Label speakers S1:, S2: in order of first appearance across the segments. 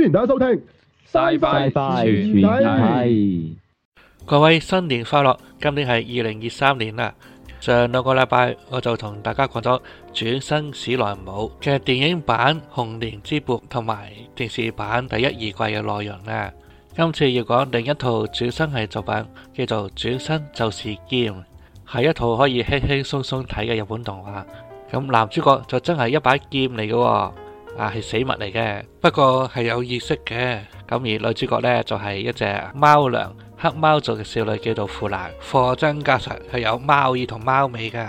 S1: 歡迎大家收聽，拜拜拜拜，各位新年快樂！今年係二零二三年啦。上兩個禮拜我就同大家講咗《轉生史萊姆》嘅電影版《紅蓮之絆》同埋電視版第一二季嘅內容啦。今次要講另一套轉生系作品，叫做《轉生就是劍》，係一套可以輕輕鬆鬆睇嘅日本動畫。咁男主角就真係一把劍嚟嘅，哦。啊，係死物嚟嘅，不過係有意識嘅。咁而女主角呢，就係、是、一隻貓娘黑貓做嘅少女，叫做芙蘭。貨真價實係有貓耳同貓尾嘅。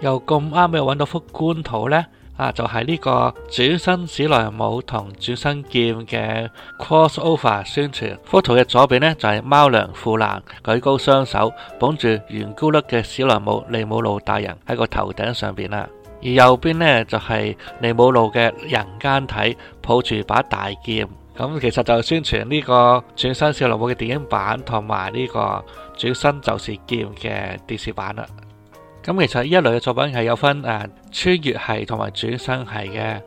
S1: 又咁啱又揾到幅官圖呢，啊就係、是、呢個轉生史萊姆同轉生劍嘅 cross over 宣傳。幅圖嘅左邊呢，就係、是、貓娘芙蘭舉高雙手，捧住圓咕碌嘅史萊姆利姆路大人喺個頭頂上邊啦。而右邊呢，就係尼姆路嘅人間體，抱住把大劍。咁其實就係宣傳呢個《轉生小蘿莉》嘅電影版，同埋呢個《轉生就是劍》嘅電視版啦。咁其實呢一類嘅作品係有分誒穿越系、同埋轉生系嘅。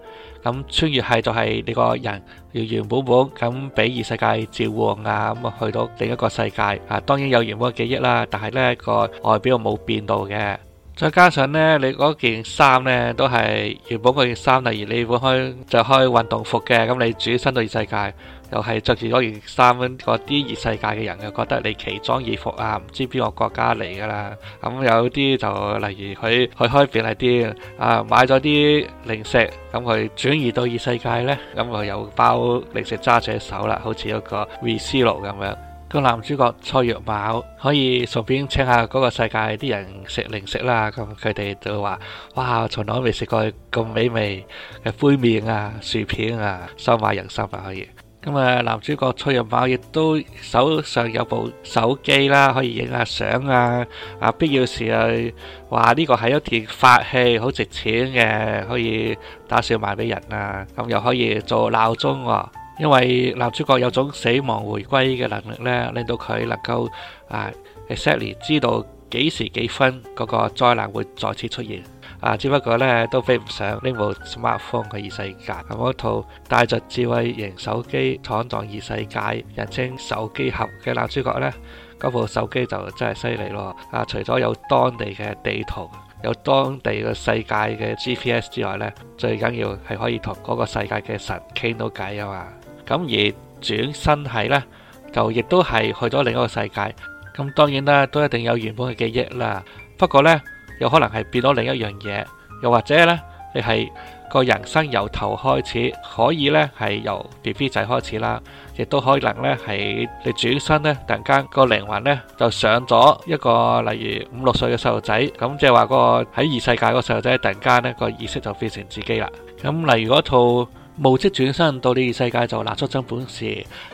S1: 咁穿越系就係你個人原原本本咁俾異世界召喚啊，咁去到另一個世界啊。當然有原本嘅記憶啦，但係呢個外表冇變到嘅。再加上呢，你嗰件衫呢都係，原本嗰件衫啊，而你換開就開運動服嘅，咁你轉身到異世界，又係着住嗰件衫，咁嗰啲異世界嘅人又覺得你奇裝異服啊，唔知邊個國家嚟噶啦咁有啲就例如佢去開便利店啊，買咗啲零食，咁佢轉移到異世界呢，咁佢又包零食揸住手啦，好似嗰個回收咁樣。個男主角蔡若茂可以順便請下嗰個世界啲人食零食啦，咁佢哋就話：哇，從來未食過咁美味嘅杯麵啊、薯片啊，收買人心啊可以。咁啊，男主角蔡若茂亦都手上有部手機啦，可以影下相啊，啊，必要時啊，話呢個係一條法器，好值錢嘅，可以打算賣俾人啊，咁又可以做鬧鐘。因為男主角有種死亡回歸嘅能力咧，令到佢能夠啊，exactly 知道幾時幾分嗰個災難會再次出現。啊，只不過咧，都飛唔上呢部 smartphone 嘅異世界。咁嗰套帶着智慧型手機闖蕩異世界，人稱手機俠嘅男主角咧，嗰部手機就真係犀利咯。啊，除咗有當地嘅地圖，有當地嘅世界嘅 GPS 之外咧，最緊要係可以同嗰個世界嘅神傾到偈啊嘛～咁而轉生係呢，就亦都係去咗另一個世界。咁當然啦，都一定有原本嘅記憶啦。不過呢，又可能係變咗另一樣嘢，又或者呢，你係個人生由頭開始，可以呢係由 BB 仔開始啦，亦都可能呢係你轉生呢，突然間個靈魂呢就上咗一個例如五六歲嘅細路仔。咁即係話個喺異世界個細路仔，突然間呢個意識就變成自己啦。咁例如嗰套。無職轉生到呢個世界就拿出真本事，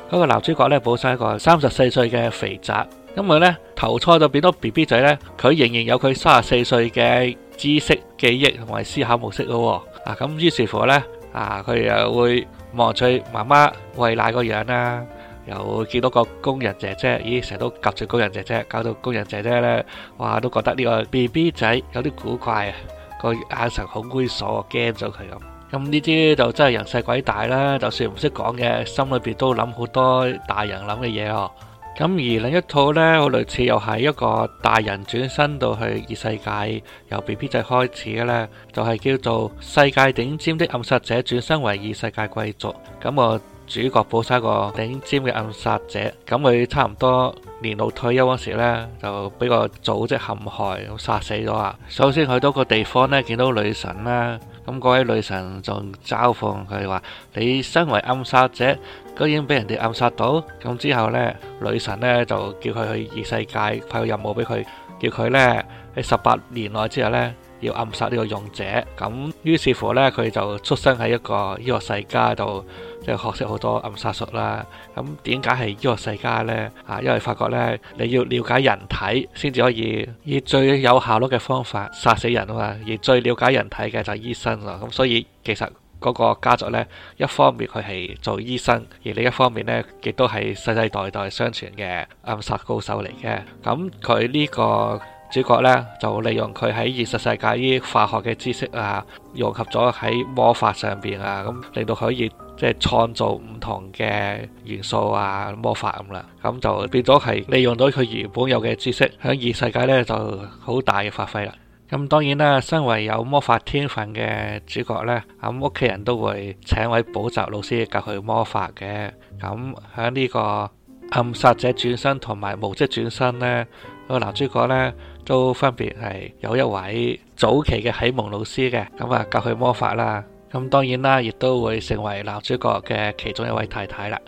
S1: 嗰個男主角咧，本身一個三十四歲嘅肥宅，因為咧頭初就變到 B B 仔咧，佢仍然有佢三十四歲嘅知識、記憶同埋思考模式咯。啊，咁於是乎咧，啊佢又會望住媽媽喂奶個樣啦，又會見到個工人姐姐，咦成日都夾住工人姐姐，搞到工人姐姐咧，哇都覺得呢個 B B 仔有啲古怪啊，個眼神好猥瑣，驚咗佢咁。咁呢啲就真係人細鬼大啦，就算唔識講嘅，心裏邊都諗好多大人諗嘅嘢哦。咁而另一套呢，好類似又係一個大人轉生到去異世界，由 BB 仔開始嘅呢，就係叫做《世界頂尖的暗殺者轉生為異世界貴族》。咁個主角本身係個頂尖嘅暗殺者，咁佢差唔多年老退休嗰時呢，就俾個組織陷害殺死咗啊。首先去到個地方呢，見到女神啦。咁嗰位女神仲嘲諷佢話：你身為暗殺者，居然俾人哋暗殺到。咁之後呢，女神呢就叫佢去異世界派個任務俾佢，叫佢呢喺十八年內之後呢要暗殺呢個勇者。咁於是乎呢，佢就出生喺一個呢個世家度。即係學識好多暗殺術啦，咁點解係呢個世家呢？啊，因為發覺呢，你要了解人體，先至可以以最有效率嘅方法殺死人啊嘛。而最了解人體嘅就係醫生啦。咁所以其實嗰個家族呢，一方面佢係做醫生，而另一方面呢，亦都係世世代代相傳嘅暗殺高手嚟嘅。咁佢呢個主角呢，就利用佢喺現實世界啲化學嘅知識啊，融合咗喺魔法上邊啊，咁令到可以。即係創造唔同嘅元素啊，魔法咁、啊、啦，咁就變咗係利用到佢原本有嘅知識，喺異世界呢就好大嘅發揮啦。咁當然啦，身為有魔法天分嘅主角呢，咁屋企人都會請位補習老師教佢魔法嘅。咁喺呢個暗殺者轉生同埋無職轉生呢，個男主角呢都分別係有一位早期嘅啟蒙老師嘅，咁啊教佢魔法啦。咁當然啦，亦都會成為男主角嘅其中一位太太啦。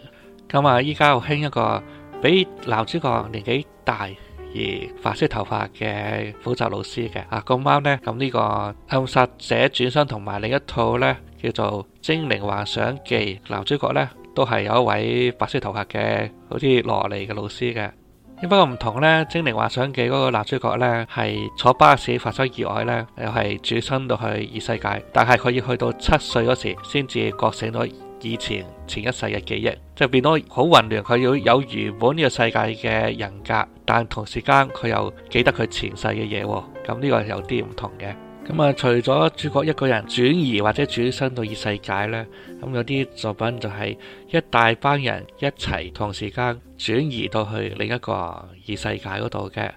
S1: 咁啊，依家又興一個比男主角年紀大而白色頭髮嘅補習老師嘅啊，咁啱咧，咁呢個暗殺者轉生同埋另一套咧叫做《精靈幻想記》，男主角咧都係有一位白色頭髮嘅好似蘿莉嘅老師嘅。只不過唔同呢，《精靈幻想記》嗰個男主角呢，係坐巴士發生意外呢又係轉生到去異世界，但係佢要去到七歲嗰時，先至覺醒咗以前前一世嘅記憶，就變咗好混亂。佢要有原本呢個世界嘅人格，但同時間佢又記得佢前世嘅嘢，咁呢個有啲唔同嘅。咁啊，除咗主角一個人轉移或者轉生到異世界咧，咁有啲作品就係一大班人一齊同時間轉移到去另一個異世界嗰度嘅。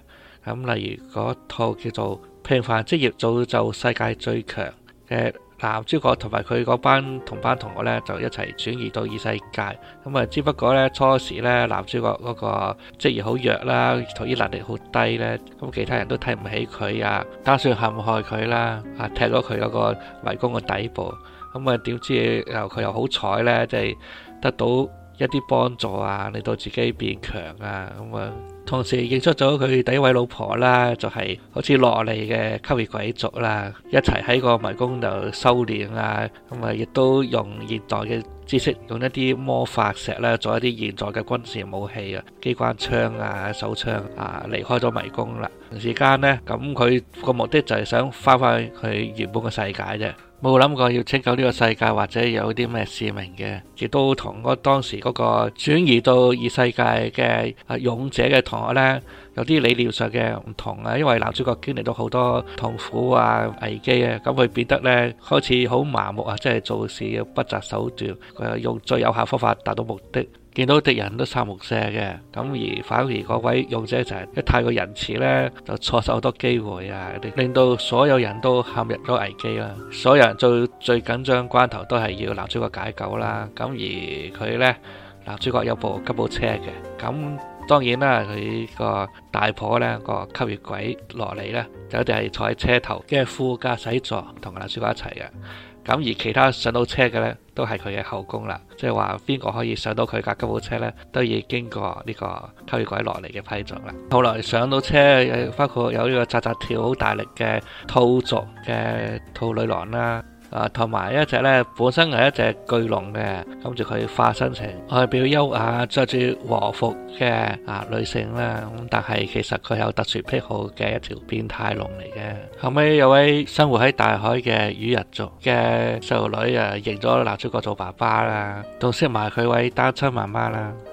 S1: 咁例如嗰套叫做《平凡職業造就世界最強》嘅。男主角同埋佢嗰班同班同學呢，就一齊轉移到異世界。咁啊，只不過呢，初時呢，男主角嗰個職業好弱啦，逃逸能力好低呢。咁其他人都睇唔起佢啊，打算陷害佢啦，啊踢咗佢嗰個迷宮嘅底部。咁啊，點知佢又好彩呢，即係得到。一啲幫助啊，令到自己變強啊，咁啊，同時認出咗佢第一位老婆啦，就係好似落嚟嘅吸血鬼族啦，一齊喺個迷宮度修煉啊，咁啊，亦都用現代嘅知識，用一啲魔法石啦，做一啲現在嘅軍事武器啊，機關槍啊、手槍啊，離開咗迷宮啦。時間呢，咁佢個目的就係想翻返去佢原本嘅世界啫。冇諗過要拯救呢個世界，或者有啲咩使命嘅，亦都同嗰當時嗰個轉移到異世界嘅啊勇者嘅同學呢，有啲理念上嘅唔同啊，因為男主角經歷到好多痛苦啊、危機啊，咁佢變得呢開始好麻木啊，即係做事要不擇手段，佢用最有效方法達到目的。見到敵人都殺無赦嘅，咁而反而嗰位勇者就係一太過仁慈咧，就錯失好多機會啊，啲令到所有人都陷入咗危機啦，所有人最最緊張關頭都係要男主角解救啦。咁而佢咧，男主角有部吉普車嘅，咁當然啦，佢個大婆咧個吸血鬼落嚟咧，就一定係坐喺車頭，跟住副駕駛座同阿男主角一齊嘅。咁而其他上到車嘅咧，都係佢嘅後宮啦。即係話邊個可以上到佢架吉普車呢，都要經過呢個推改落嚟嘅批准啦。後來上到車，包括有呢個扎扎跳好大力嘅兔族嘅兔女郎啦。啊，同埋一隻呢本身係一隻巨龍嘅，跟住佢化身成外表優雅、着住和服嘅啊女性啦，但係其實佢有特殊癖好嘅一條變態龍嚟嘅。後尾有位生活喺大海嘅魚人族嘅細路女啊，認咗男主角做爸爸啦，仲識埋佢位單親媽媽啦。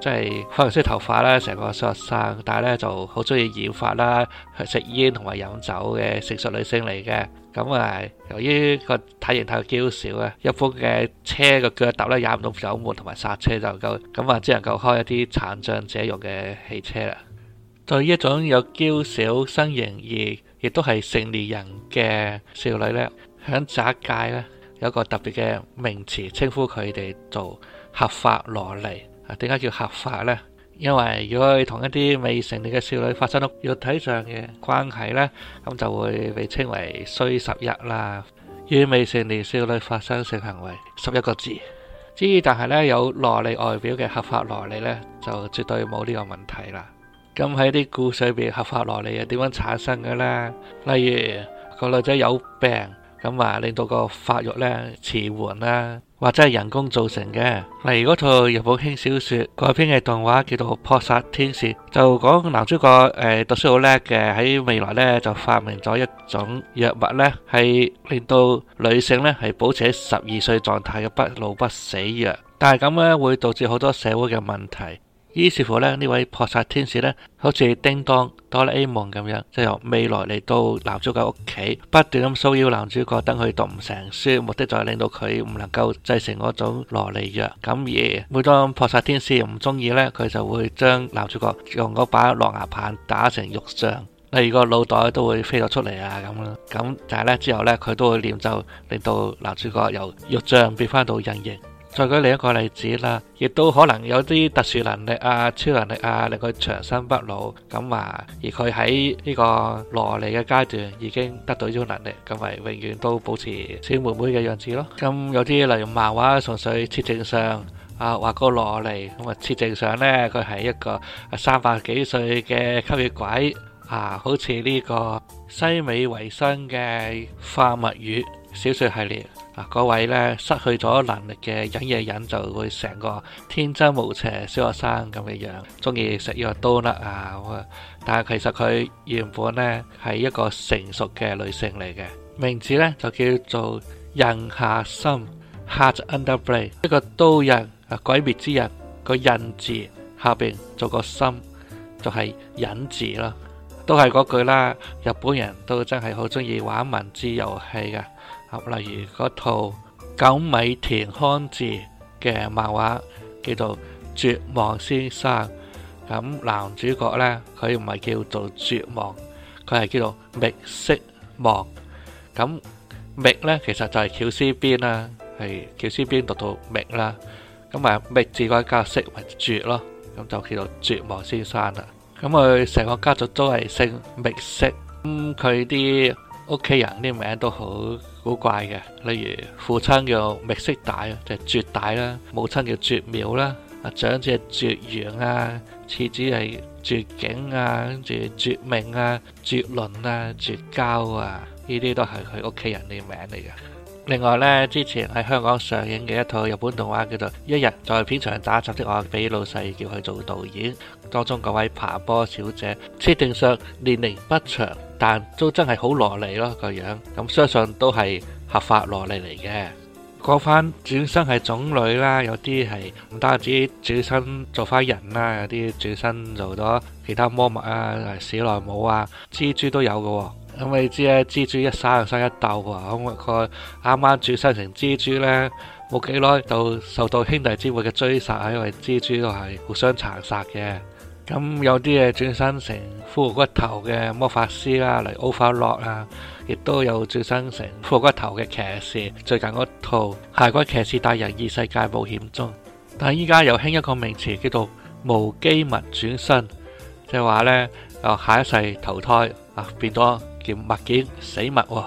S1: 即係灰白色頭髮啦，成個小學生，但係咧就好中意染髮啦，食煙同埋飲酒嘅，成熟女性嚟嘅。咁啊，由於個體型太過嬌小咧，一般嘅車個腳踏咧踩唔到油門同埋剎車就夠咁啊，只能夠開一啲殘障者用嘅汽車啦。對於一種有嬌小身形而亦都係成年人嘅少女呢，喺宅界呢，有個特別嘅名詞稱呼佢哋做合法蘿莉。點解叫合法咧？因為如果同一啲未成年嘅少女發生咗肉體上嘅關係咧，咁就會被稱為衰十日衰十一啦。與未成年少女發生性行為，十一個字。之但係咧，有蘿莉外表嘅合法蘿莉咧，就絕對冇呢個問題啦。咁喺啲故事入邊，合法蘿莉又點樣產生嘅咧？例如個女仔有病，咁啊令到個發育咧遲緩啦。或者係人工造成嘅。例如果套日本輕小說改編嘅動畫叫做《撲殺天使》，就講男主角誒讀書好叻嘅，喺未來呢，就發明咗一種藥物呢係令到女性呢係保持喺十二歲狀態嘅不老不死藥，但係咁呢，會導致好多社會嘅問題。於是乎咧，呢位撲殺天使呢，好似叮噹、哆啦 A 夢咁樣，即係由未來嚟到男主角屋企，不斷咁騷擾男主角，等佢讀唔成書，目的就係令到佢唔能夠製成嗰種蘿莉藥。咁而每當撲殺天使唔中意呢，佢就會將男主角用嗰把狼牙棒打成肉醬，例如個腦袋都會飛咗出嚟啊咁啦。咁但係呢，之後呢，佢都會念咒，令到男主角由肉醬變翻到人形。再舉另一個例子啦，亦都可能有啲特殊能力啊、超能力啊，令佢長生不老咁啊。而佢喺呢個蘿莉嘅階段已經得到呢種能力，咁咪永遠都保持小妹妹嘅樣子咯。咁有啲例如漫畫，純粹設定上啊畫個蘿莉，咁啊設定上呢佢係一個三百幾歲嘅吸血鬼啊，好似呢個西尾維新嘅化物語小說系列。嗰位咧，失去咗能力嘅忍嘢，忍就會成個天真無邪小學生咁嘅樣，中意食呢個刀粒啊！但係其實佢原本咧，係一個成熟嘅女性嚟嘅，名字咧就叫做刃下心，heart under blade。一個刀刃啊，鬼滅之刃個刃字下邊做個心，就係忍字啦。都係嗰句啦，日本人都真係好中意玩文字遊戲嘅。例如嗰套《久米田康治》嘅漫畫，叫做《絕望先生》。咁男主角呢，佢唔係叫做絕望，佢係叫做糸色望。咁糸呢，其實就係絞絲邊啦，係絞絲邊讀到糸啦。咁啊，糸字嗰個加色咪絕咯，咁就叫做絕望先生啦。咁佢成個家族都係姓糸色，咁佢啲。屋企人啲名都好古怪嘅，例如父親叫墨色大，就係絕大啦；母親叫絕苗啦，長子係絕陽啊，次子係絕景啊，跟住絕命啊、絕倫啊、絕交啊，呢啲都係佢屋企人啲名嚟嘅。另外呢，之前喺香港上映嘅一套日本動畫叫做《一日在片場打雜的我》，俾老細叫去做導演。當中嗰位爬坡小姐，設定上年齡不詳，但都真係好蘿莉咯個樣。咁相信都係合法蘿莉嚟嘅。講翻轉生係種類啦，有啲係唔單止轉生做翻人啦，有啲轉生做咗其他魔物啊，史萊姆啊、蜘蛛都有嘅。咁、嗯、你知咧，蜘蛛一生又生一竇啊！咁佢啱啱轉生成蜘蛛呢，冇幾耐就受到兄弟之會嘅追殺，因為蜘蛛都係互相殘殺嘅。咁、嗯、有啲係轉生成骷髏頭嘅魔法師啦，嚟 Overlord 啊，亦都有轉生成骷髏頭嘅騎士。最近嗰套《骸骨騎士大人異世界冒險》中，但係依家又興一個名詞叫做「無機物轉生」，即係話呢下一世投胎啊，變咗。件物件死物喎，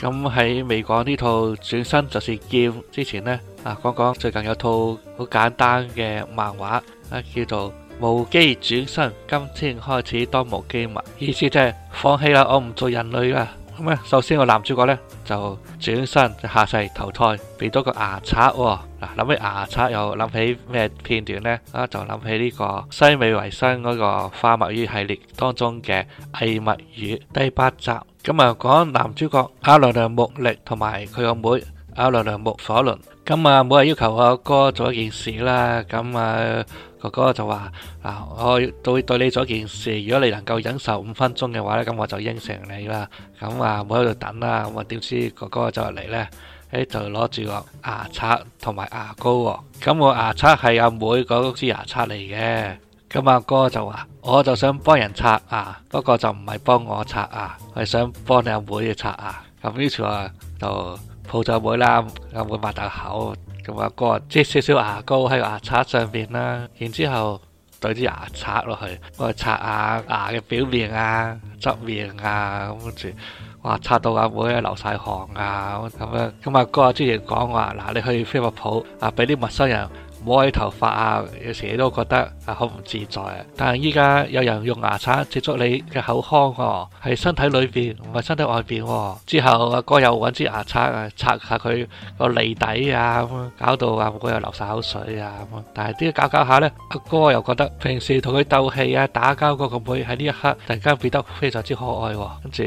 S1: 咁喺未講呢套轉生就是劍之前呢啊，講講最近有套好簡單嘅漫畫啊，叫做無機轉生，今天開始當無機物，意思即係放棄啦，我唔做人類啦。咁啊，首先個男主角呢就轉生下世投胎，俾咗個牙刷。嗱，諗起牙刷又諗起咩片段呢？啊，就諗起呢個西尾維新嗰個化物語系列當中嘅《偽物語》第八集。咁啊，講男主角阿良良木曆同埋佢個妹阿良良木火憐。咁啊，冇人要求阿哥做一件事啦。咁啊。哥哥就話：嗱，我對對你做件事，如果你能夠忍受五分鐘嘅話咧，咁我就應承你啦。咁啊，冇喺度等啦。咁點知哥哥就嚟呢？誒，就攞住個牙刷同埋牙膏。咁我牙刷係阿妹嗰支牙刷嚟嘅。咁阿哥就話：我就想幫人刷牙，不過就唔係幫我刷牙，係想幫你阿妹嘅刷牙。咁於是啊，就抱咗阿妹啦，阿妹擘大口。同阿哥即少少牙膏喺牙刷上邊啦，然之後懟支牙刷落去，幫佢刷下牙嘅表面啊、側面啊咁樣，哇刷到阿妹，妹流晒汗啊，咁樣，咁阿哥啊之前講話嗱，你去以飛利浦啊俾啲陌生人。」摸起頭髮啊，有時都覺得啊好唔自在。但係依家有人用牙刷接觸你嘅口腔喎，喺身體裏邊唔係身體外邊。之後阿哥，哥又揾支牙刷啊刷下佢個脷底啊，咁啊搞到阿哥又流晒口水啊。但係啲搞一搞一下呢，阿哥，哥又覺得平時同佢鬥氣啊、打交嗰個妹喺呢一刻突然間變得非常之可愛喎，跟住。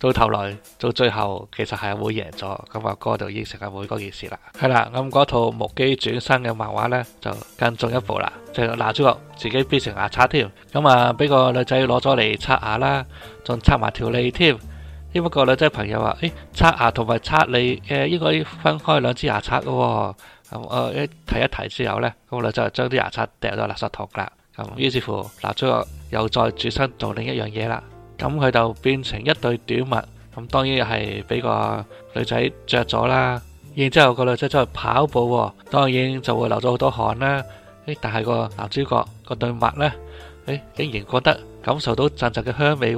S1: 到頭來，到最後其實係會贏咗，咁阿哥就應承阿妹嗰件事啦。係啦，咁嗰套無機轉生嘅漫畫呢，就更進一步啦，就男、是、主角自己變成牙刷添，咁啊俾個女仔攞咗嚟刷牙啦，仲刷埋條脷添。只不過女仔朋友話：誒，刷牙同埋刷脷，誒應該分開兩支牙刷嘅、哦。咁、嗯呃、一提一提之後咧，咁女仔將啲牙刷掉咗垃圾桶啦。咁、嗯、於是乎，男主角又再轉生做另一樣嘢啦。咁佢就變成一對短襪，咁當然係俾個女仔着咗啦。然之後個女仔出去跑步，當然就會流咗好多汗啦。誒，但係個男主角個對襪呢，誒，竟然覺得感受到陣陣嘅香味。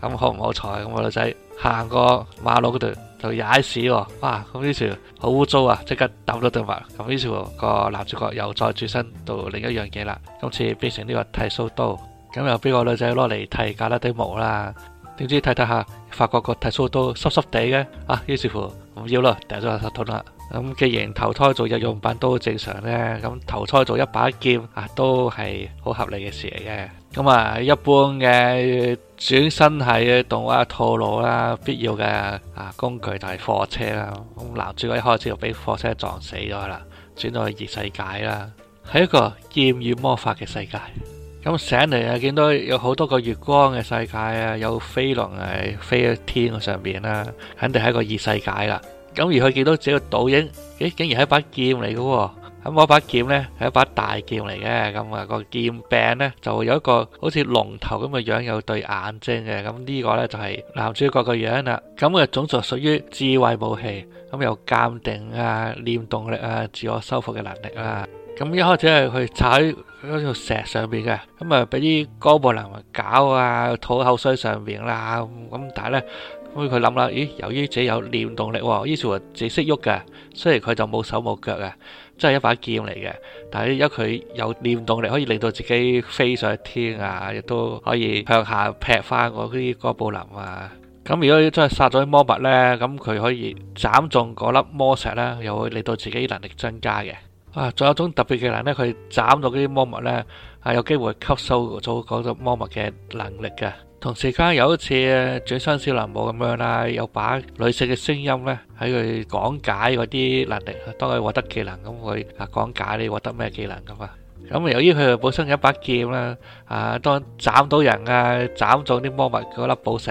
S1: 咁好唔好彩？咁個女仔行過馬路嗰度就踩屎，哇！咁於是好污糟啊，即刻抌咗對襪。咁於是個男主角又再轉身到另一樣嘢啦，今次變成呢個剃鬚刀。咁又俾個女仔攞嚟剃胳肋底啲毛啦，點知睇睇下，發覺個剃鬚刀濕濕地嘅，啊，於是乎唔要啦，掉咗入垃圾桶啦。咁既然投胎做日用品都正常咧，咁投胎做一把劍啊，都係好合理嘅事嚟嘅。咁啊，一般嘅轉生係動畫套路啦，必要嘅啊工具就係貨車啦。咁男主角一開始就俾貨車撞死咗啦，轉到異世界啦，係一個劍與魔法嘅世界。咁醒嚟啊，見到有好多個月光嘅世界啊，有飛龍係飛喺天嘅上邊啦，肯定係一個異世界啦。咁而佢見到自己個倒影，誒，竟然係一把劍嚟嘅。咁嗰把劍呢係一把大劍嚟嘅，咁啊個劍柄呢就有一個好似龍頭咁嘅樣，有對眼睛嘅。咁呢個呢就係男主角嘅樣啦。咁佢嘅種族屬於智慧武器，咁有鑑定啊、念動力啊、自我修復嘅能力啊。咁一開始係去踩。喺嗰座石上邊嘅，咁啊俾啲哥布林搞啊，吐口水上邊啦，咁但係咧，咁佢諗啦，咦，由於自己有念動力喎，於是啊自己識喐嘅，雖然佢就冇手冇腳嘅，真係一把劍嚟嘅，但係因佢有念動力，可以令到自己飛上天啊，亦都可以向下劈翻嗰啲哥布林啊。咁如果真係殺咗啲魔物咧，咁佢可以斬中嗰粒魔石咧，又會令到自己能力增加嘅。啊，仲有一種特別技能咧，佢斬到嗰啲魔物咧，啊有機會吸收咗嗰隻魔物嘅能力嘅。同時間有一次《轉生小男武》咁樣啦，有把女性嘅聲音咧，喺佢講解嗰啲能力。當佢獲得技能咁，佢啊講解你獲得咩技能咁啊。咁由於佢本身有一把劍啦，啊當斬到人啊，斬中啲魔物嗰粒寶石，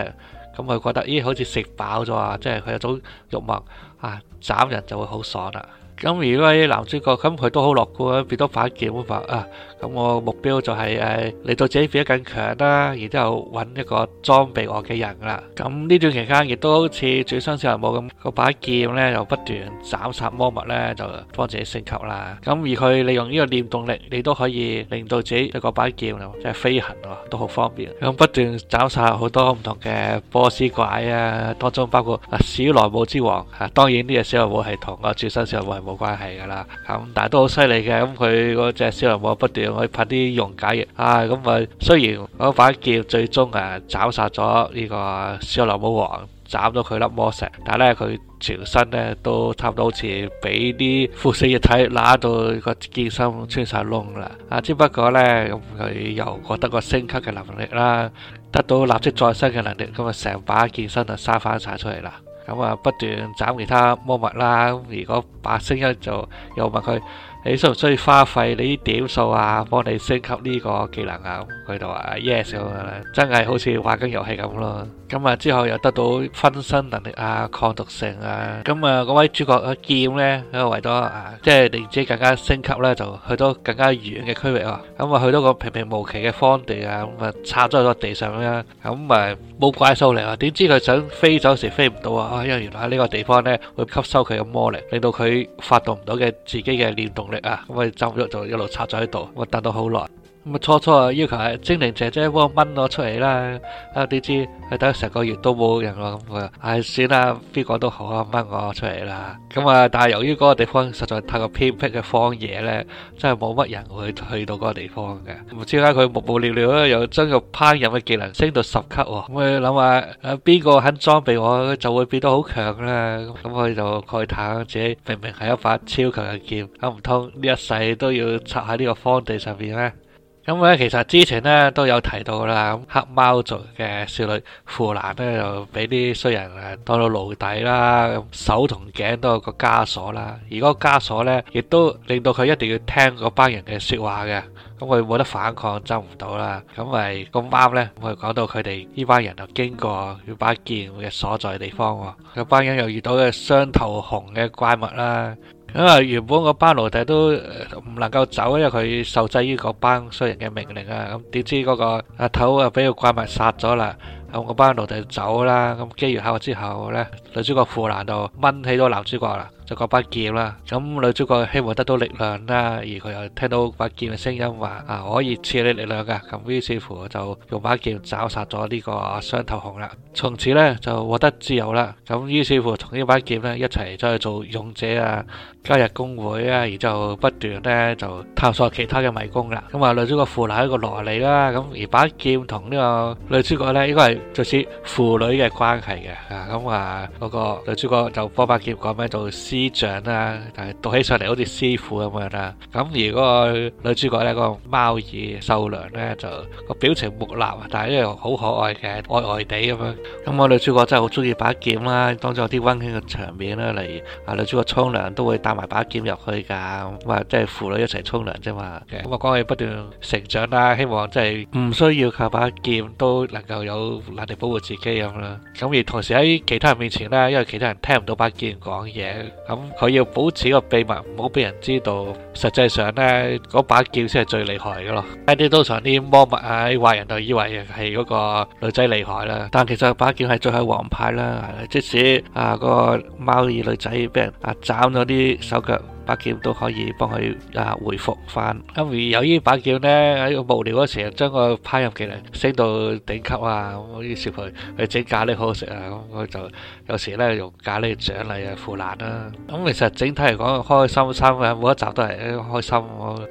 S1: 咁佢覺得咦，好似食飽咗啊，即係佢有種欲望啊，斬人就會好爽啦。咁如果係男主角，咁佢都好樂觀，變多把劍啊！咁我目標就係誒，嚟到自己變得更強啦，然之後搵一個裝備我嘅人啦。咁呢段期間亦都好似《轉生史萊姆》咁，個把劍咧就不斷斬殺魔物咧，就幫自己升級啦。咁而佢利用呢個念動力，你都可以令到自己個把劍即係飛行，都好方便。咁不斷斬殺好多唔同嘅波斯怪啊，當中包括史萊姆之王啊。當然呢個史萊姆係同個轉生史萊姆。冇關係噶啦，咁但係都好犀利嘅。咁佢嗰隻小牛母不斷可以噴啲溶解液。啊咁啊、嗯、雖然嗰把劍最終啊斬殺咗呢個小牛母王，斬咗佢粒魔石，但係咧佢全身咧都差唔多好似俾啲腐蝕液體拿到個劍身穿晒窿啦。啊，只不過咧咁佢又獲得個升級嘅能力啦，得到立即再生嘅能力，咁啊成把劍身就生翻晒出嚟啦。咁啊，不斷斬其他魔物啦。如果把聲音就又問佢，你需唔需要花費你啲點數啊，幫你升級呢個技能啊？佢就話 yes 真係好似玩緊遊戲咁咯。咁啊，之後又得到分身能力啊，抗毒性啊，咁啊，嗰位主角嘅劍呢，為咗啊，即係令自己更加升級呢，就去到更加遠嘅區域啊。咁啊，去到個平平無奇嘅荒地啊，咁啊，插咗喺個地上咁樣，咁啊，冇怪獸嚟啊，點知佢想飛走時飛唔到啊，因為原來喺呢個地方呢，會吸收佢嘅魔力，令到佢發動唔到嘅自己嘅念動力啊，咁啊，就一路就一路插咗喺度，我等到好耐。咁初初啊，要求係精靈姐姐幫我掹我出嚟啦，點知佢等成個月都冇人咯。咁啊，唉算啦，邊個都好啊，掹我出嚟啦。咁啊，但係由於嗰個地方實在太過偏僻嘅荒野呢，真係冇乜人會去到嗰個地方嘅。唔知點解佢無無聊聊，啊，目目目目目目目又將個烹飪嘅技能升到十級。咁佢諗下，啊，邊個肯裝備我，就會變得好強啦。咁、嗯、佢就慨嘆自己明明係一把超強嘅劍，啊唔通呢一世都要插喺呢個荒地上面呢？咁咧，其實之前咧都有提到啦。黑貓族嘅少女芙蘭咧，就俾啲衰人誒當到奴隸啦，手同頸都有個枷鎖啦。而嗰個枷鎖咧，亦都令到佢一定要聽嗰班人嘅說話嘅。咁佢冇得反抗，爭唔到啦。咁咪咁啱咧，我哋講到佢哋呢班人就經過佢把劍嘅所在地方，嗰班人又遇到嘅雙頭熊嘅怪物啦。咁啊，原本個班奴隸都唔能夠走，因為佢受制於嗰班衰人嘅命令啊。咁點知嗰個阿頭啊，俾個怪物殺咗啦，咁個班奴隸走啦。咁機緣巧合之後咧，女主角腐爛到掹起咗男主角啦。就嗰把劍啦，咁女主角希望得到力量啦，而佢又聽到把劍嘅聲音話啊，可以賜你力量噶，咁於是乎就用把劍斬殺咗呢個雙頭熊啦，從此咧就獲得自由啦，咁於是乎同呢把劍咧一齊再做勇者啊，加入公會啊，然之後不斷咧就探索其他嘅迷宮啦，咁啊女主角附落一個蘿莉啦，咁而把劍同呢個女主角咧應該係類似父女嘅關係嘅，啊咁啊嗰個女主角就幫把劍咁樣做師。師長啦，但係讀起上嚟好似師傅咁樣啦。咁而嗰個女主角咧，個貓耳獸娘咧，就個表情木訥，但係因為好可愛嘅，呆呆地咁樣。咁我女主角真係好中意把劍啦，當中有啲溫馨嘅場面啦，例如啊，女主角沖涼都會帶埋把劍入去噶，咁即係父女一齊沖涼啫嘛。咁我講佢不斷成長啦，希望即係唔需要靠把劍都能夠有能力保護自己咁啦。咁而同時喺其他人面前咧，因為其他人聽唔到把劍講嘢。咁佢要保持個秘密，唔好俾人知道。實際上咧，嗰把劍先係最厲害㗎咯。一啲通常啲魔物喺壞人就以為係嗰個女仔厲害啦。但其實把劍係最後王牌啦。即使啊，個貓耳女仔俾人啊斬咗啲手腳把劍都可以幫佢啊回復翻，咁而有依把劍咧喺個無聊嗰時，將個烹飪技能升到頂級啊，接佢去整咖喱好好食啊，咁佢就有時咧用咖喱獎勵啊腐爛啦。咁其實整體嚟講開心，因為每一集都係啲開心，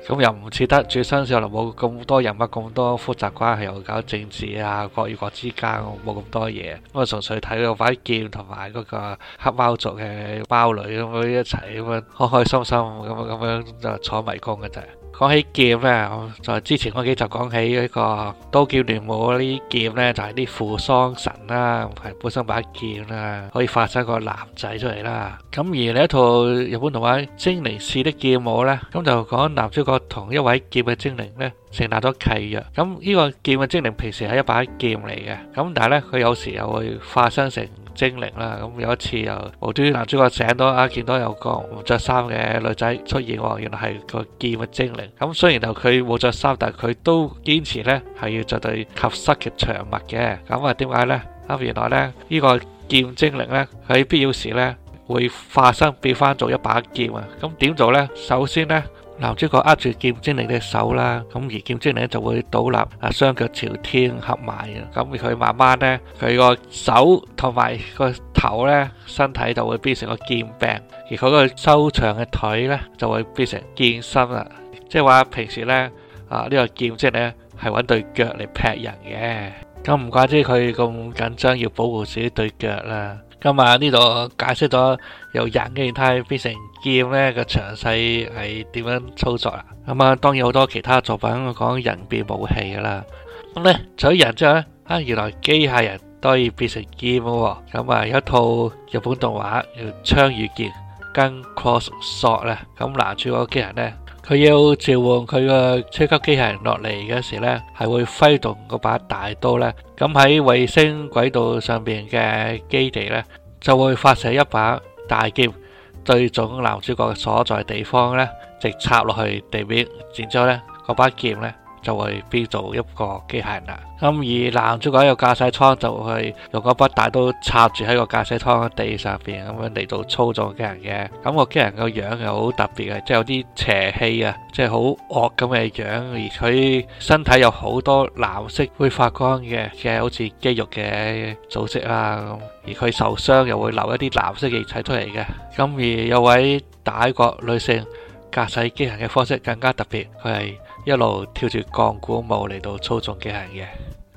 S1: 咁又唔似得最新上嚟冇咁多人物，咁多複雜關係，又搞政治啊國與國之間冇咁多嘢，咁啊純粹睇個把劍同埋嗰個黑貓族嘅貓女咁一齊咁啊開開心。心咁咁樣就坐迷宮嘅啫。講起劍啊，在之前嗰幾集講起呢個刀劍亂舞嗰啲劍咧，就係啲付喪神啦，係本身把劍啦，可以化生個男仔出嚟啦。咁而另一套日本動畫《精靈使的劍舞》咧，咁就講男主角同一位劍嘅精靈咧，成立咗契約。咁呢個劍嘅精靈平時係一把劍嚟嘅，咁但係咧佢有時又會化生成。精靈啦，咁有一次又無端端男主角醒到啊，見到有個唔着衫嘅女仔出現，原來係個劍嘅精靈。咁雖然就佢冇着衫，但係佢都堅持呢係要着對及膝嘅長襪嘅。咁啊點解呢？啊原來呢呢個劍精靈呢喺必要時呢會化身變翻做一把劍啊！咁點做呢？首先呢。男主角握住劍精靈嘅手啦，咁而劍精靈就會倒立，啊雙腳朝天合埋啊，咁佢慢慢咧，佢個手同埋個頭咧，身體就會變成個劍柄，而佢個修長嘅腿咧就會變成劍身啦。即係話平時咧，啊呢個劍精靈咧係搵對腳嚟劈人嘅，咁唔怪之佢咁緊張要保護自己對腳啦。咁啊呢度解釋咗由人跟住佢變成劍咧個詳細係點樣操作啦。咁啊當然好多其他作品會講人變武器噶啦。咁咧除咗人之外咧，啊原來機械人都可以變成劍噶。咁啊有一套日本動畫叫《槍與劍》跟《Cross Sword》咧，咁拿住個機械人咧。佢要召喚佢個超級機械人落嚟嗰時咧，係會揮動嗰把大刀咧。咁喺衛星軌道上邊嘅基地咧，就會發射一把大劍，對準男主角嘅所在地方咧，直插落去地面，然後咧嗰把劍咧。就會變做一個機械人啦。咁而男主角個駕駛艙就係用嗰把大刀插住喺個駕駛艙嘅地上邊，咁樣嚟到操縱機械人嘅。咁個機器人個樣又好特別嘅，即係有啲邪氣啊，即係好惡咁嘅樣。而佢身體有好多藍色會發光嘅，即係好似肌肉嘅組織啦。咁而佢受傷又會留一啲藍色嘅液體出嚟嘅。咁而有位泰國女性駕駛機械人嘅方式更加特別，佢係。一路跳住鋼鼓舞嚟到操縱機械嘅，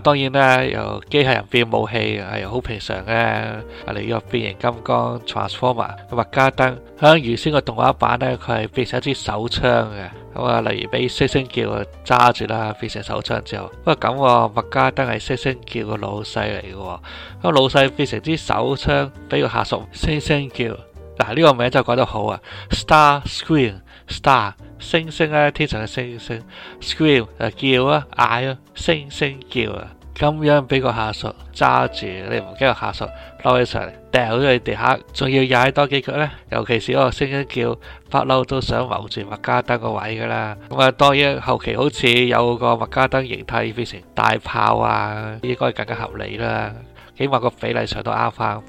S1: 當然咧，由機械人變武器係好平常咧。例如變形金剛 Transformers，麥加登喺原先個動畫版咧，佢係變成一支手槍嘅。咁啊，例如俾星星叫揸住啦，變成手槍之後，不過咁喎，麥加登係星星叫個老細嚟嘅喎。咁老細變成支手槍俾個下屬星星叫。嗱呢個名真係講得好啊，Star Scream Star。星星啊，天上嘅星星，Scream 啊叫啊嗌啊，星星叫啊，咁樣俾個下屬揸住，你唔驚個下屬嬲起上嚟，掉咗你地下，仲要踩多幾腳呢？尤其是嗰個星星叫，不嬲都想留住麥加登個位噶啦。咁啊，當然後期好似有個麥加登形態變成大炮啊，應該更加合理啦。起碼個比例上都啱翻。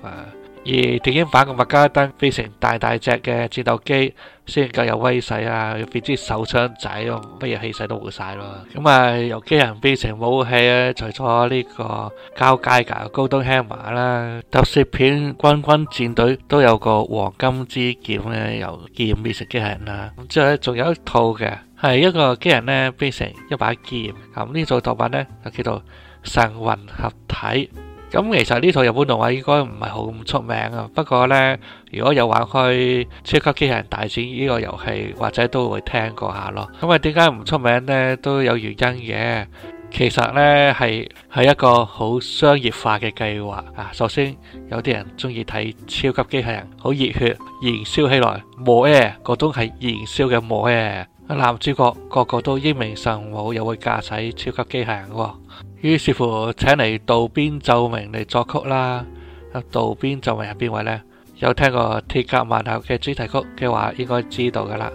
S1: 而電影版嘅麥加登變成大大隻嘅戰鬥機先夠有威勢啊，又變支手槍仔，乜嘢氣勢都冇曬咯。咁啊，由機人變成武器咧，除咗呢個交界格嘅高登 Hammer 啦，特攝片《軍軍戰隊》都有個黃金之劍咧，由劍變成機人啦。咁之後咧，仲有一套嘅係一個機人咧變成一把劍，咁呢組作品咧就叫做神魂合體。咁其實呢套日本動畫應該唔係好咁出名啊。不過呢，如果有玩開《超級機器人大戰》呢個遊戲，或者都會聽過下咯。咁啊，點解唔出名呢？都有原因嘅。其實呢係係一個好商業化嘅計劃啊。首先，有啲人中意睇超級機器人，好熱血，燃燒起來，磨嘅嗰種係燃燒嘅磨嘅。男主角個個都英明神武，又會駕駛超級機械人喎。於是乎，請嚟渡邊奏鳴嚟作曲啦。咁渡邊奏鳴係邊位呢？有聽過《鐵甲萬俠》嘅主題曲嘅話，應該知道噶啦。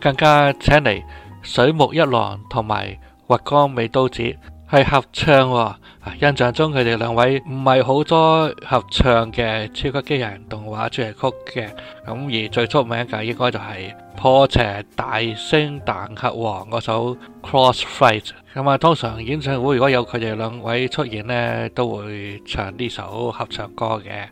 S1: 更加請嚟水木一郎同埋堀江美都子係合唱。印象中佢哋兩位唔係好多合唱嘅超級機械人動畫主題曲嘅，咁而最出名嘅應該就係破邪大聲蛋殼王嗰首 Cross Fight。咁啊、嗯，通常演唱會如果有佢哋兩位出現呢，都會唱呢首合唱歌嘅。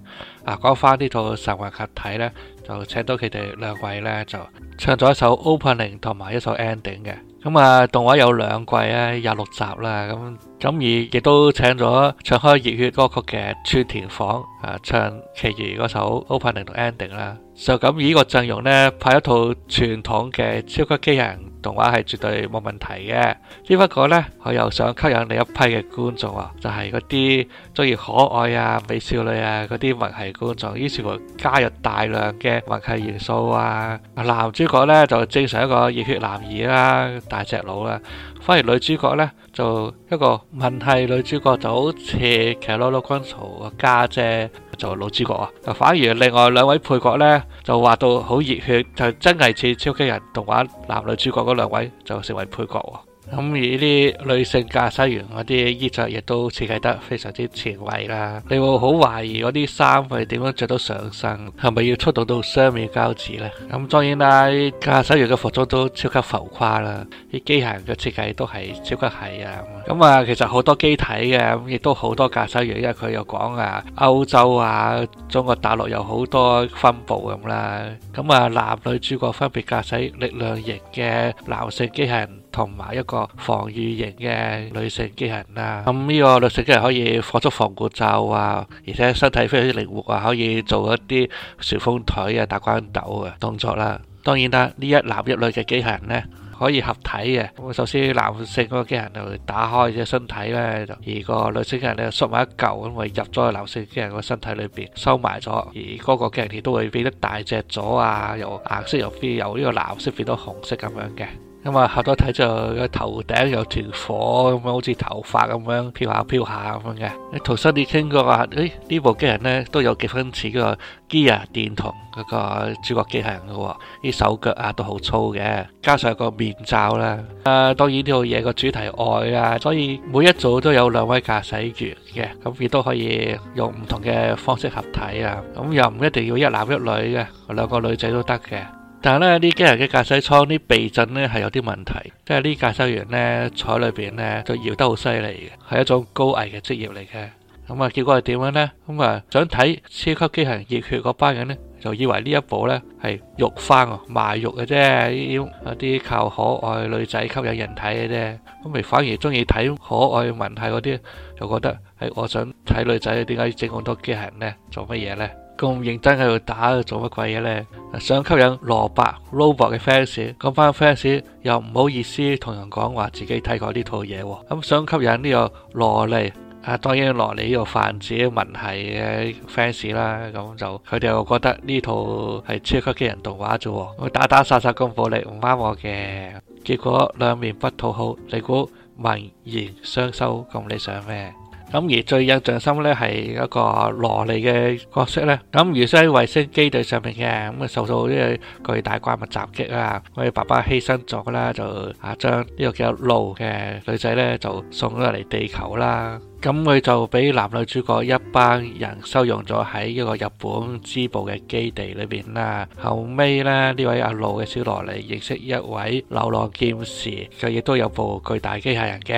S1: 啊，講翻呢套神魂合體呢，就請到佢哋兩位呢，就唱咗一首 Opening 同埋一首 Ending 嘅。咁、嗯、啊，動畫有兩季啊，廿六集啦，咁、嗯。咁而亦都請咗唱開熱血歌曲嘅串田房啊，唱其餘嗰首 Opening 同 Ending 啦、啊，就咁以呢個陣容呢，拍一套傳統嘅超級機械人動畫係絕對冇問題嘅。只不過呢，我又想吸引另一批嘅觀眾啊，就係嗰啲中意可愛啊、美少女啊嗰啲萌系觀眾，於是乎加入大量嘅萌系元素啊，啊。男主角呢，就正常一個熱血男兒啦、啊，大隻佬啦。反而女主角呢，就一個問題，女主角就好似《奇洛洛軍曹》嘅家姐，做老主角啊。反而另外兩位配角呢，就話到好熱血，就真係似超級人動畫男女主角嗰兩位就成為配角。咁而呢啲女性駕駛員嗰啲衣著亦都設計得非常之前衞啦。你會好懷疑嗰啲衫佢點樣著到上身，係咪要出動到雙面膠紙咧？咁當然啦，駕駛員嘅服裝都超級浮誇啦。啲機械人嘅設計都係超級係啊。咁啊，其實好多機體嘅，咁亦都好多駕駛員，因為佢又講啊，歐洲啊、中國大陸有好多分佈咁啦。咁啊，男女主角分別駕駛力量型嘅男性機械人。同埋一個防禦型嘅女性機械人啦，咁呢個女性機械人可以放出防護罩啊，而且身體非常之靈活啊，可以做一啲旋風腿啊、打關鬥嘅動作啦。當然啦，呢一男一女嘅機械人咧可以合體嘅。咁首先男性嗰個機械人就會打開隻身體咧，就而個女性機械人咧縮埋一嚿咁，咪入咗去男性機械人個身體裏邊收埋咗。而嗰個機械人都會變得大隻咗啊，由顏色又變由呢個藍色變到紅色咁樣嘅。咁啊，合咗體就個頭頂有條火咁樣，好似頭髮咁樣飄下飄下咁樣嘅。同新啲傾過話，誒呢部機器人咧都有幾分似嗰個基啊電童嗰個主角機器人噶，啲手腳啊都好粗嘅，加上個面罩咧，啊當然呢套嘢個主題愛啊，所以每一組都有兩位駕駛員嘅，咁亦都可以用唔同嘅方式合體啊，咁又唔一定要一男一女嘅，兩個女仔都得嘅。但係咧，啲機械嘅駕駛艙啲避震咧係有啲問題，即係啲駕駛員咧坐裏邊咧就搖得好犀利嘅，係一種高危嘅職業嚟嘅。咁啊，結果係點樣咧？咁啊想睇超級機械人熱血嗰班人咧，就以為呢一部咧係肉翻哦賣肉嘅啫，有啲靠可愛女仔吸引人睇嘅啫。咁咪反而中意睇可愛文係嗰啲，就覺得係我想睇女仔，點解要整咁多機械人咧？做乜嘢咧？咁認真喺度打做乜鬼嘢呢、啊？想吸引蘿卜 robot 嘅 fans，咁班 fans 又唔好意思同人講話自己睇過呢套嘢，咁、啊、想吸引呢個蘿莉啊，當然蘿莉呢個范子文係嘅 fans 啦，咁、啊、就佢哋又覺得呢套係超級機器人動畫啫，我、啊、打打殺殺咁暴力唔啱我嘅，結果兩面不討好，你估文言雙收咁你想咩？咁而最印象深咧，係一個蘿莉嘅角色咧。咁原先喺衛星基地上面嘅，咁、啊受到呢個巨大怪物襲擊啊，我哋爸爸犧牲咗啦，就啊將呢個叫做露嘅女仔咧，就送咗嚟地球啦。咁佢就俾男女主角一班人收容咗喺一個日本支部嘅基地裏邊啦。後尾咧呢位阿路嘅小蘿莉認識一位流浪劍士，佢亦都有部巨大機械人嘅，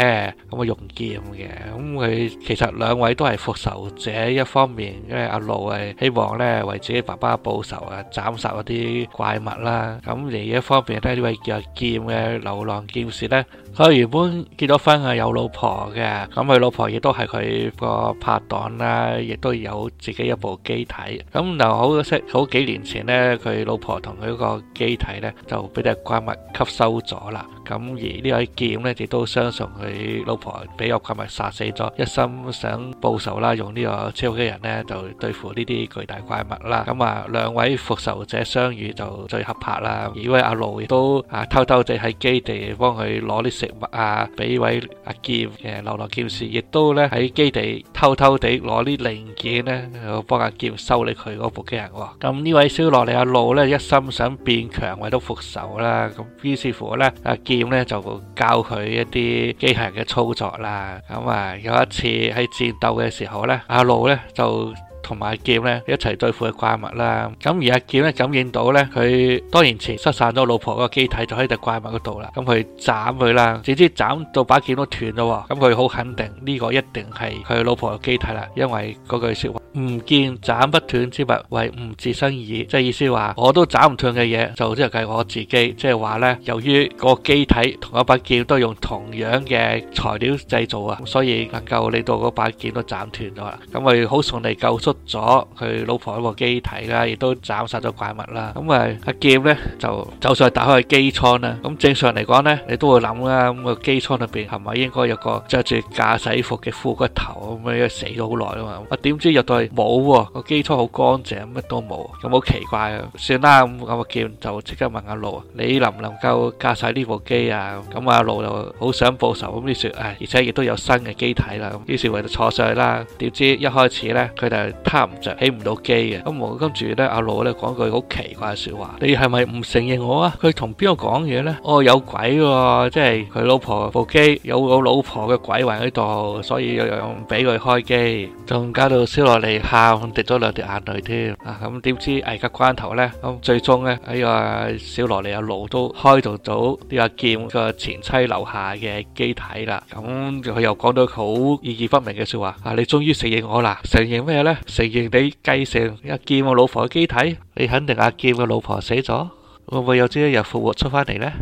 S1: 咁啊用劍嘅。咁佢其實兩位都係復仇者，一方面因為阿路係希望咧為自己爸爸報仇啊，斬殺嗰啲怪物啦。咁另一方面咧呢位叫劍嘅流浪劍士咧，佢原本結咗婚啊，有老婆嘅。咁佢老婆亦都。係佢個拍檔啦，亦都有自己一部機體。咁就好可惜，好，好，好幾年前咧，佢老婆同佢個機體咧就俾隻怪物吸收咗啦。咁而呢位劍咧亦都相信佢老婆俾個怪物殺死咗，一心想報仇啦。用呢個超機人咧就對付呢啲巨大怪物啦。咁啊，兩位復仇者相遇就最合拍啦。而位阿路亦都啊偷偷地喺基地幫佢攞啲食物啊，俾位阿劍嘅流浪劍士，亦都咧喺基地偷偷地攞啲零件咧，幫阿劍修理佢嗰部機人喎。咁呢位小蘿莉阿路咧一心想變強，為咗復仇啦。咁於是乎咧阿劍。點咧就教佢一啲機械人嘅操作啦，咁啊有一次喺戰鬥嘅時候咧，阿路咧就。同埋阿劍咧一齊對付嘅怪物啦，咁而阿劍咧感應到咧，佢多年前失散咗老婆個機體就喺隻怪物嗰度啦。咁佢斬佢啦，直至斬到把劍都斷咗，咁佢好肯定呢個一定係佢老婆嘅機體啦，因為嗰句說話唔見斬不斷之物為吾自身耳，即係意思話我都斬唔斷嘅嘢，就即係係我自己，即係話咧，由於個機體同一把劍都用同樣嘅材料製造啊，所以能夠令到嗰把劍都斬斷咗啦。咁佢好順利救出。咗佢老婆嗰部機體啦，亦都斬殺咗怪物啦。咁啊，阿劍咧就就上去打開機艙啦。咁正常嚟講咧，你都會諗啦。咁個機艙入邊係咪應該有個着住駕駛服嘅副骨頭咁樣死咗好耐啊嘛？我點知入到去冇個機艙好乾淨，乜都冇，咁好奇怪啊！算啦，咁阿劍就即刻問阿路：你能唔能夠駕駛呢部機啊？咁阿路就好想報仇咁，於是誒，而且亦都有新嘅機體啦。咁於是為咗坐上去啦。點知一開始咧，佢就。貪唔着，起唔到機嘅，咁我跟住咧，阿羅咧講句好奇怪嘅說話，你係咪唔承認我啊？佢同邊個講嘢咧？哦，有鬼喎，即係佢老婆部機有個老婆嘅鬼魂喺度，所以又又唔俾佢開機，仲搞到小羅莉喊，滴咗兩滴眼淚添。啊，咁點知危急關頭咧，咁最終咧喺個小羅莉阿羅都開到到呢個劍個前妻留下嘅機體啦。咁佢又講到好意義不明嘅說話，啊，你終於承認我啦？承認咩咧？承認你繼承阿劍個老婆嘅機體，你肯定阿劍個老婆死咗，會唔會有朝一日復活出返嚟呢？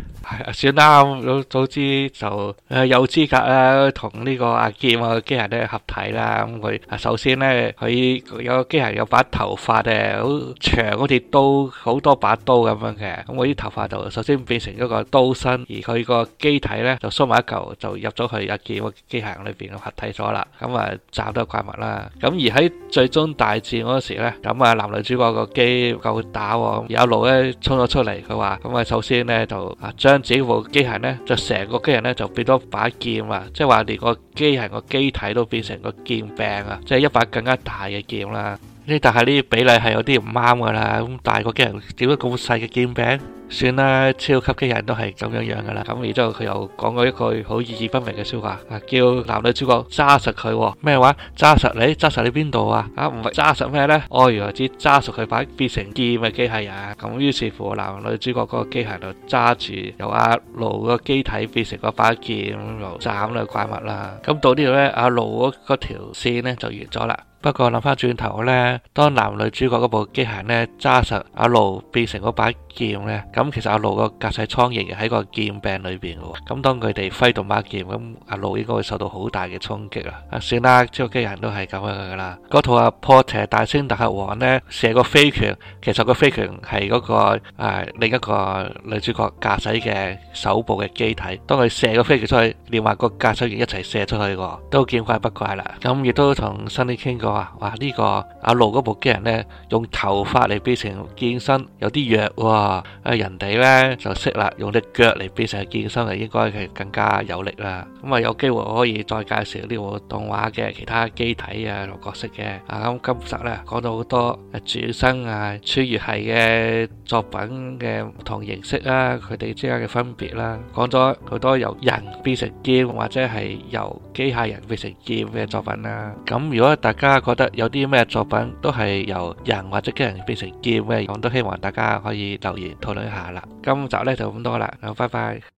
S1: 算啦，早早知就有資格啦，同呢個阿劍個機械咧合體啦。咁、嗯、佢首先咧，佢有個機械有把頭髮嘅，好長，好似刀，好多把刀咁樣嘅。咁我啲頭髮就首先變成一個刀身，而佢個機體咧就縮埋一嚿，就入咗去阿劍個機械裏邊合體咗啦。咁啊斬到怪物啦。咁而喺最終大戰嗰時咧，咁啊男女主角個機夠打，有路咧衝咗出嚟，佢話咁啊首先咧就啊將。這部機械呢，就成個機械呢，就變咗把劍啊！即係話連個機械個機體都變成個劍柄啊！即係一把更加大嘅劍啦～呢，但係呢，比例係有啲唔啱噶啦，咁大個機器人點解咁細嘅劍柄？算啦，超級機人都係咁樣樣噶啦。咁然之後佢又講過一句好意義不明嘅說話，叫男女主角揸實佢咩話？揸實你？揸實你邊度啊？啊唔係揸實咩呢？我原來知揸實佢把變成劍嘅機器人。咁於是乎，男女主角嗰個機械就揸住由阿路個機體變成個把劍，咁就斬啦怪物啦。咁到呢度呢，阿路嗰嗰條線咧就完咗啦。不過諗翻轉頭呢，當男女主角嗰部機械呢，揸實阿盧變成把劍呢，咁其實阿盧個駕駛艙仍然喺個劍柄裏邊嘅，咁當佢哋揮動把劍，咁阿盧應該會受到好大嘅衝擊啊！啊，算啦，呢個機械都係咁樣噶啦。嗰套啊破邪 r t 大星特客王呢，射個飛拳，其實個飛拳係嗰個誒另一個女主角駕駛嘅手部嘅機體，當佢射個飛拳出去，連埋個駕駛員一齊射出去個都見怪不怪啦。咁亦都同新啲傾過。哇哇！呢、這個阿、啊、路嗰部機人呢，用頭髮嚟變成劍身，有啲弱喎。啊，人哋呢就識啦，用隻腳嚟變成劍身，係應該係更加有力啦。咁啊，有機會我可以再介紹呢個動畫嘅其他機體啊、角色嘅。啊咁，今集咧講到好多轉生啊、穿越系嘅作品嘅唔同形式啦，佢哋之間嘅分別啦，講咗好多由人變成劍或者係由機械人變成劍嘅作品啦。咁如果大家覺得有啲咩作品都係由人或者機械人變成劍嘅，我都希望大家可以留言討論一下啦。今集咧就咁多啦，咁拜拜。